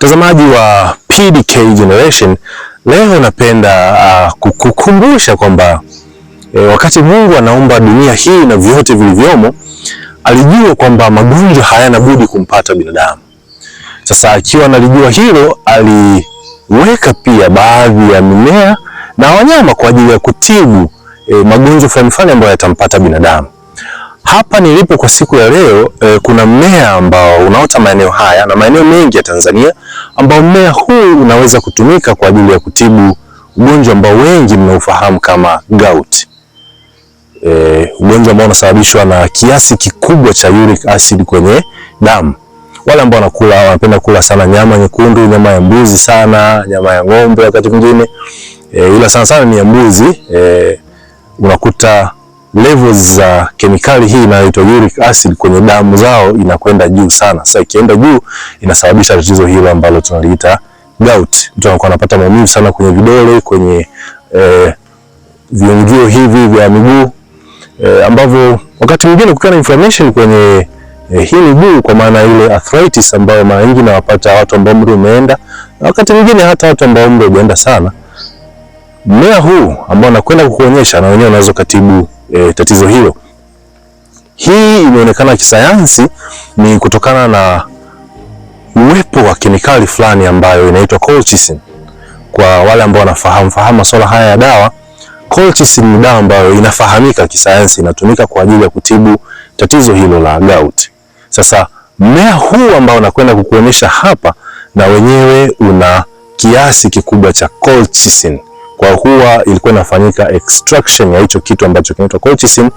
Mtazamaji wa PDK Generation, leo napenda uh, kukukumbusha kwamba e, wakati Mungu anaumba dunia hii na vyote vilivyomo, alijua kwamba magonjwa hayana budi kumpata binadamu. Sasa akiwa analijua hilo, aliweka pia baadhi ya mimea na wanyama kwa ajili ya kutibu e, magonjwa fulani fulani ambayo yatampata binadamu. Hapa nilipo kwa siku ya leo e, kuna mmea ambao unaota maeneo haya na maeneo mengi ya Tanzania, ambao mmea huu unaweza kutumika kwa ajili ya kutibu ugonjwa ambao wengi mnaufahamu kama gout. E, ugonjwa ambao unasababishwa na kiasi kikubwa cha uric acid kwenye damu. Wale ambao wanakula wanapenda kula sana nyama nyekundu, nyama ya mbuzi sana, nyama ya ng'ombe wakati mwingine e, ila sana sana ni ya mbuzi e, unakuta levels za uh, kemikali hii inayoitwa uric acid kwenye damu zao inakwenda juu sana. Sasa ikienda juu inasababisha tatizo hilo ambalo tunaliita gout. Mtu anakuwa anapata maumivu sana kwenye vidole, kwenye eh, viungio hivi vya miguu eh, ambavyo wakati mwingine kukiwa na inflammation kwenye eh, hii miguu kwa maana ile arthritis ambayo mara nyingi nawapata watu ambao umri umeenda na wakati mwingine hata watu ambao umri umeenda sana. Mmea huu ambao nakwenda kukuonyesha na wenyewe unaweza kutibu e, tatizo hilo. Hii imeonekana kisayansi ni kutokana na uwepo wa kemikali fulani ambayo inaitwa colchicin. Kwa wale ambao wanafahamu fahamu masuala haya ya dawa, colchicin ni dawa ambayo inafahamika kisayansi, inatumika kwa ajili ya kutibu tatizo hilo la gout. Sasa mmea huu ambao nakwenda kukuonyesha hapa, na wenyewe una kiasi kikubwa cha colchicin kwa huwa ilikuwa inafanyika extraction ya hicho kitu ambacho kinaitwa colchicine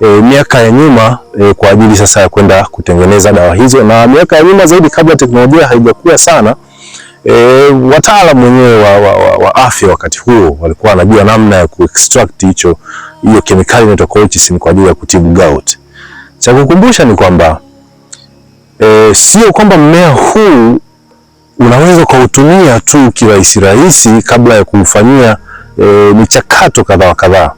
e, miaka ya nyuma e, kwa ajili sasa ya kwenda kutengeneza dawa hizo, na miaka ya nyuma zaidi kabla teknolojia haijakuwa sana e, wataalamu wenyewe wa, wa, wa, wa afya wakati huo walikuwa wanajua namna ya kuextract hicho hiyo kemikali inaitwa colchicine kwa ajili ya kutibu gout. Cha kukumbusha ni kwamba e, sio kwamba mmea huu unaweza ukautumia tu kirahisi rahisi kabla ya kumfanyia e, michakato kadha wa kadhaa.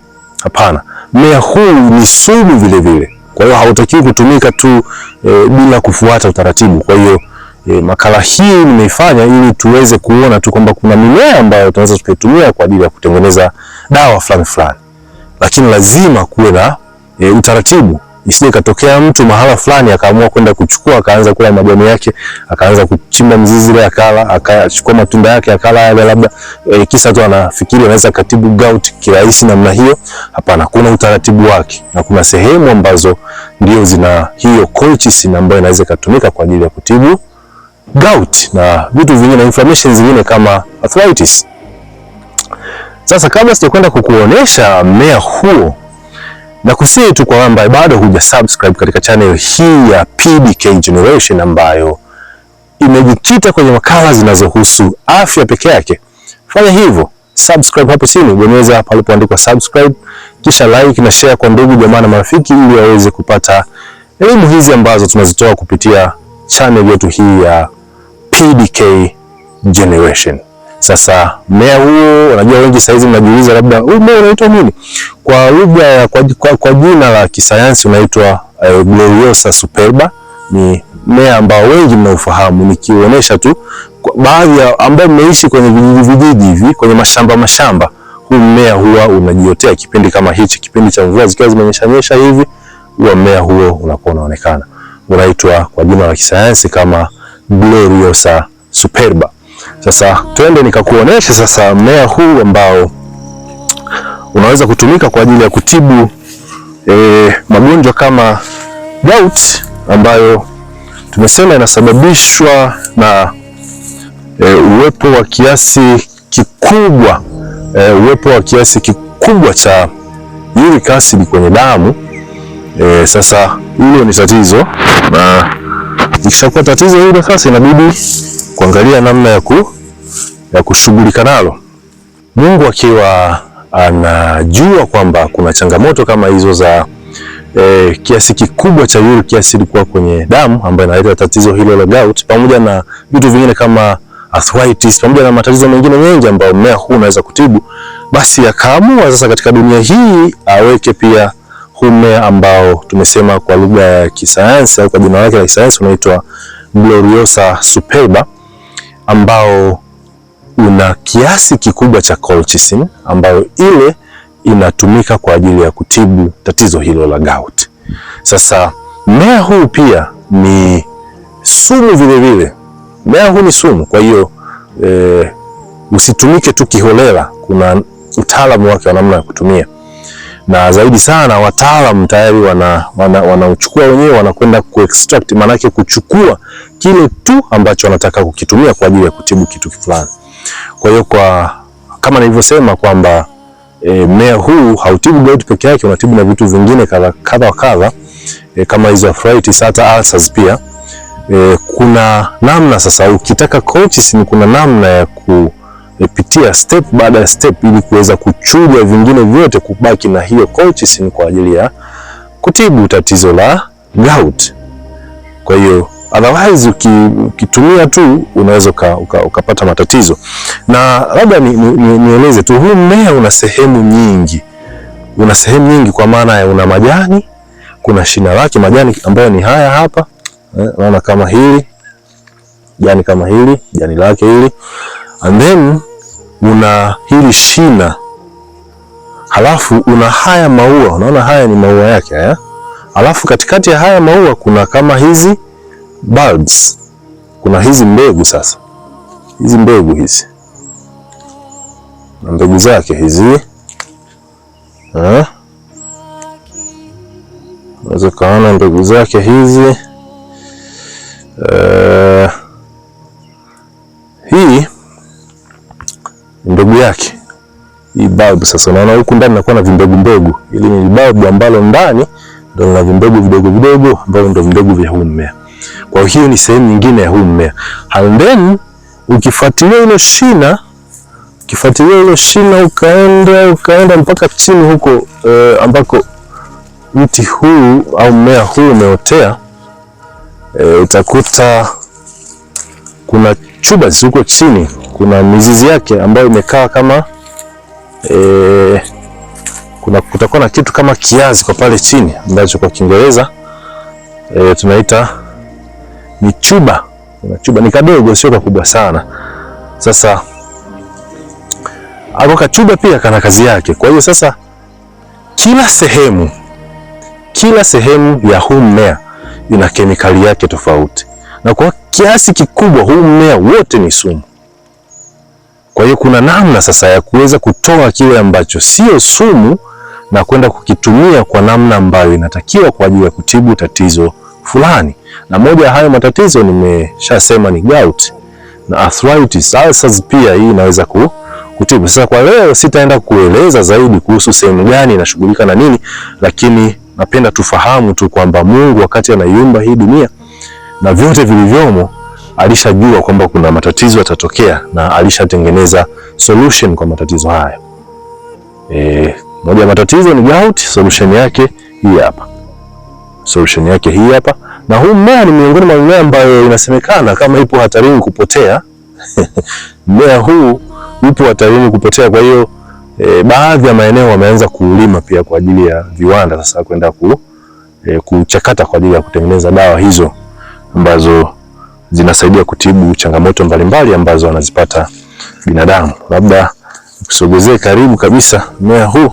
Hapana, mmea huu ni sumu vile vile, kwa hiyo hautakiwi kutumika tu e, bila kufuata utaratibu. Kwa hiyo e, makala hii nimeifanya ili tuweze kuona tu kwamba kuna mimea ambayo tunaweza tukaitumia kwa ajili ya kutengeneza dawa fulani fulani, lakini lazima kuwe na e, utaratibu. Isije katokea mtu mahala fulani akaamua kwenda kuchukua akaanza kula majani yake, akaanza kuchimba mzizi ile akala, akachukua matunda yake akala yale, labda e, kisa tu anafikiri anaweza katibu gout kirahisi namna hiyo. Hapana, kuna utaratibu wake na kuna sehemu ambazo ndio zina hiyo colchicine ambayo inaweza kutumika kwa ajili ya kutibu gout na vitu vingine na inflammation zingine kama arthritis. Sasa kabla sijakwenda kukuonesha mmea huo na kusihi tu kwa ambaye bado huja subscribe katika channel hii ya PDK Generation ambayo imejikita kwenye makala zinazohusu afya peke yake, fanya hivyo subscribe hapo chini, bonyeza hapo alipoandikwa subscribe, kisha like na share kwa ndugu jamaa na marafiki, ili waweze kupata elimu hizi ambazo tunazitoa kupitia channel yetu hii ya PDK Generation. Sasa mmea huo unajua, wengi saizi mnajiuliza labda huu mmea unaitwa nini? Kwa lugha ya kwa, kwa, kwa jina la kisayansi unaitwa uh, Gloriosa superba. Ni mmea ambao wengi mnaufahamu, nikiuonesha tu baadhi ya ambao mmeishi kwenye vijiji vijiji hivi kwenye mashamba mashamba, huu mmea huwa unajiotea kipindi kama hichi, kipindi cha mvua zikiwa zimenyesha nyesha hivi, huwa mmea huo unakuwa unaonekana, unaitwa kwa jina la kisayansi kama Gloriosa superba. Sasa twende nikakuonesha sasa mmea huu ambao unaweza kutumika kwa ajili ya kutibu e, magonjwa kama gout ambayo tumesema inasababishwa na e, uwepo wa kiasi kikubwa e, uwepo wa kiasi kikubwa cha uric acid kwenye damu. E, sasa hilo ni tatizo, na ikishakuwa tatizo hilo sasa inabidi kuangalia namna ya, ku, ya kushughulika nalo. Mungu akiwa anajua kwamba kuna changamoto kama hizo za E, kiasi kikubwa cha uric acid kuwa kwenye damu ambayo inaleta tatizo hilo la gout pamoja na vitu vingine kama arthritis pamoja na matatizo mengine mengi ambayo mmea huu unaweza kutibu, basi akaamua sasa katika dunia hii aweke pia huu mmea ambao tumesema kwa lugha ya kisayansi au kwa jina lake la kisayansi unaitwa Gloriosa superba ambao una kiasi kikubwa cha colchicin ambayo ile inatumika kwa ajili ya kutibu tatizo hilo la gout. Sasa mmea huu pia ni sumu vilevile, mmea huu ni sumu. Kwa hiyo e, usitumike tu kiholela, kuna utaalamu wake wa namna ya kutumia na zaidi sana wataalam tayari wanauchukua wana, wana wenyewe wanakwenda kuextract, maanake kuchukua kile tu ambacho wanataka kukitumia kwa ajili ya kutibu kitu fulani. Kwa hiyo kwa kama nilivyosema kwamba e, mmea huu hautibu gout peke yake, unatibu na vitu vingine kadha kadha kadha, e, kama hizo arthritis hata ulcers pia. E, kuna namna sasa, ukitaka colchicine, kuna namna ya ku nimepitia step baada ya step ili kuweza kuchuja vingine vyote, kubaki na hiyo colchicine kwa ajili ya kutibu tatizo la gout. Kwa hiyo otherwise ukitumia tu unaweza ukapata uka, uka matatizo. Na labda nieleze ni, ni tu huu mmea una sehemu nyingi, una sehemu nyingi kwa maana ya una majani, kuna shina lake majani ambayo ni haya hapa, eh, naona kama hili jani, kama hili jani lake hili and then una hili shina, halafu una haya maua. Unaona haya ni maua yake haya, eh? halafu katikati ya haya maua kuna kama hizi bulbs, kuna hizi mbegu. Sasa hizi mbegu hizi na mbegu zake hizi ha? Eh? Unaweza kaona mbegu zake hizi uh, mbegu yake hii bulb. Sasa unaona huku ndani nakuwa na vimbegu mbegu, ili ni bulb ambalo ndani ndio na vimbegu vidogo vidogo ambavyo ndio vimbegu vya huu mmea. Kwa hiyo ni sehemu nyingine ya huu mmea, and then ukifuatilia ile shina ukifuatilia ile shina ukaenda ukaenda mpaka chini huko eh, ambako mti huu au mmea huu umeotea eh, utakuta kuna chubas huko chini kuna mizizi yake ambayo imekaa kama e, kuna kutakuwa na kitu kama kiazi kwa pale chini ambacho kwa Kiingereza e, tunaita ni chuba. Kuna chuba ni kadogo, sio kakubwa sana. Sasa ako kachuba pia kana kazi yake. Kwa hiyo sasa kila sehemu kila sehemu ya huu mmea ina kemikali yake tofauti, na kwa kiasi kikubwa huu mmea wote ni sumu. Kwa hiyo kuna namna sasa ya kuweza kutoa kile ambacho sio sumu na kwenda kukitumia kwa namna ambayo inatakiwa kwa ajili ya kutibu tatizo fulani, na moja ya hayo matatizo nimeshasema ni gout na arthritis, ulcers pia hii inaweza ku, kutibu. Sasa kwa leo sitaenda kueleza zaidi kuhusu sehemu gani inashughulika na nini, lakini napenda tufahamu tu kwamba Mungu wakati anaiumba hii dunia na vyote vilivyomo alishajua kwamba kuna matatizo yatatokea na alishatengeneza solution kwa matatizo hayo. E, moja ya matatizo ni gout, solution yake hii hapa. Solution yake hii hapa, na huu mmea ni miongoni mwa mimea ambayo inasemekana kama ipo hatarini kupotea. Mmea huu upo hatarini kupotea, kwa hiyo e, baadhi ya maeneo wameanza kuulima pia kwa ajili ya viwanda sasa kwenda ku, e, kuchakata kwa ajili ya kutengeneza dawa hizo ambazo zinasaidia kutibu changamoto mbalimbali ambazo wanazipata binadamu. Labda kusogezee karibu kabisa mmea huu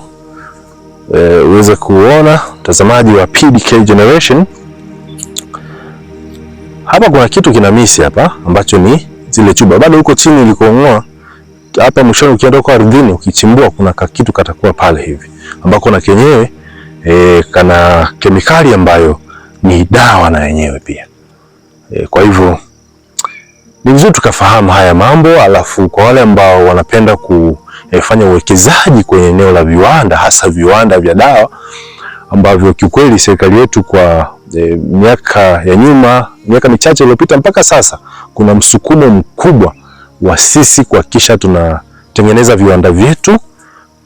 e, uweze kuona mtazamaji wa PDK Generation. Hapa kuna kitu kina hapa ambacho ni zile chuba, bado huko chini ilikoongoa hapa mwishoni, ukienda kwa ardhini ukichimbua, kuna kitu katakuwa pale hivi ambako na kenyewe e, kana kemikali ambayo ni dawa na yenyewe pia E, kwa hivyo ni vizuri tukafahamu haya mambo, alafu kwa wale ambao wanapenda kufanya eh, uwekezaji kwenye eneo la viwanda, hasa viwanda vya dawa ambavyo kiukweli serikali yetu kwa e, miaka ya nyuma, miaka michache iliyopita mpaka sasa, kuna msukumo mkubwa wa sisi kuhakikisha tunatengeneza viwanda vyetu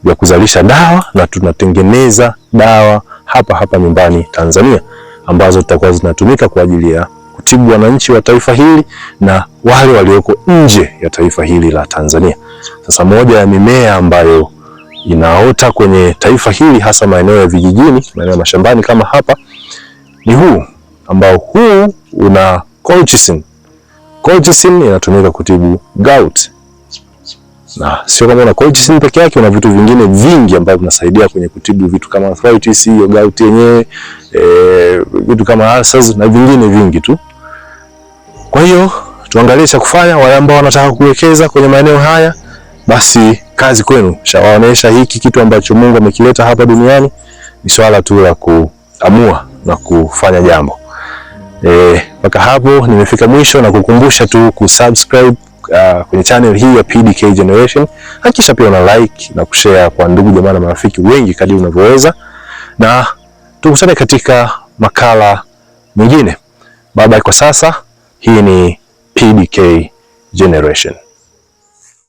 vya kuzalisha dawa na tunatengeneza dawa hapa hapa nyumbani Tanzania ambazo zitakuwa zinatumika kwa ajili ya tibu wananchi wa taifa hili na wale walioko nje ya taifa hili la Tanzania. Sasa moja ya mimea ambayo inaota kwenye taifa hili hasa maeneo ya vijijini, maeneo ya mashambani kama hapa ni huu ambao huu una colchicine. Colchicine inatumika kutibu gout. Na sio kama una colchicine peke yake, una vitu vingine vingi ambavyo vinasaidia kwenye kutibu vitu kama arthritis, hiyo gout yenyewe, eh, vitu kama ulcers na vingine vingi tu. Kwa hiyo tuangalie cha kufanya. Wale ambao wanataka kuwekeza kwenye maeneo haya, basi kazi kwenu. Shawaonesha hiki kitu ambacho Mungu amekileta hapa duniani ni swala tu la kuamua na kufanya jambo. E, mpaka e, hapo nimefika mwisho na kukumbusha tu kusubscribe uh, kwenye channel hii ya PDK Generation. Hakikisha pia una like na kushare kwa ndugu jamaa na marafiki wengi kadri unavyoweza, na tukutane katika makala mengine. Bye bye kwa sasa. Hii ni PDK Generation.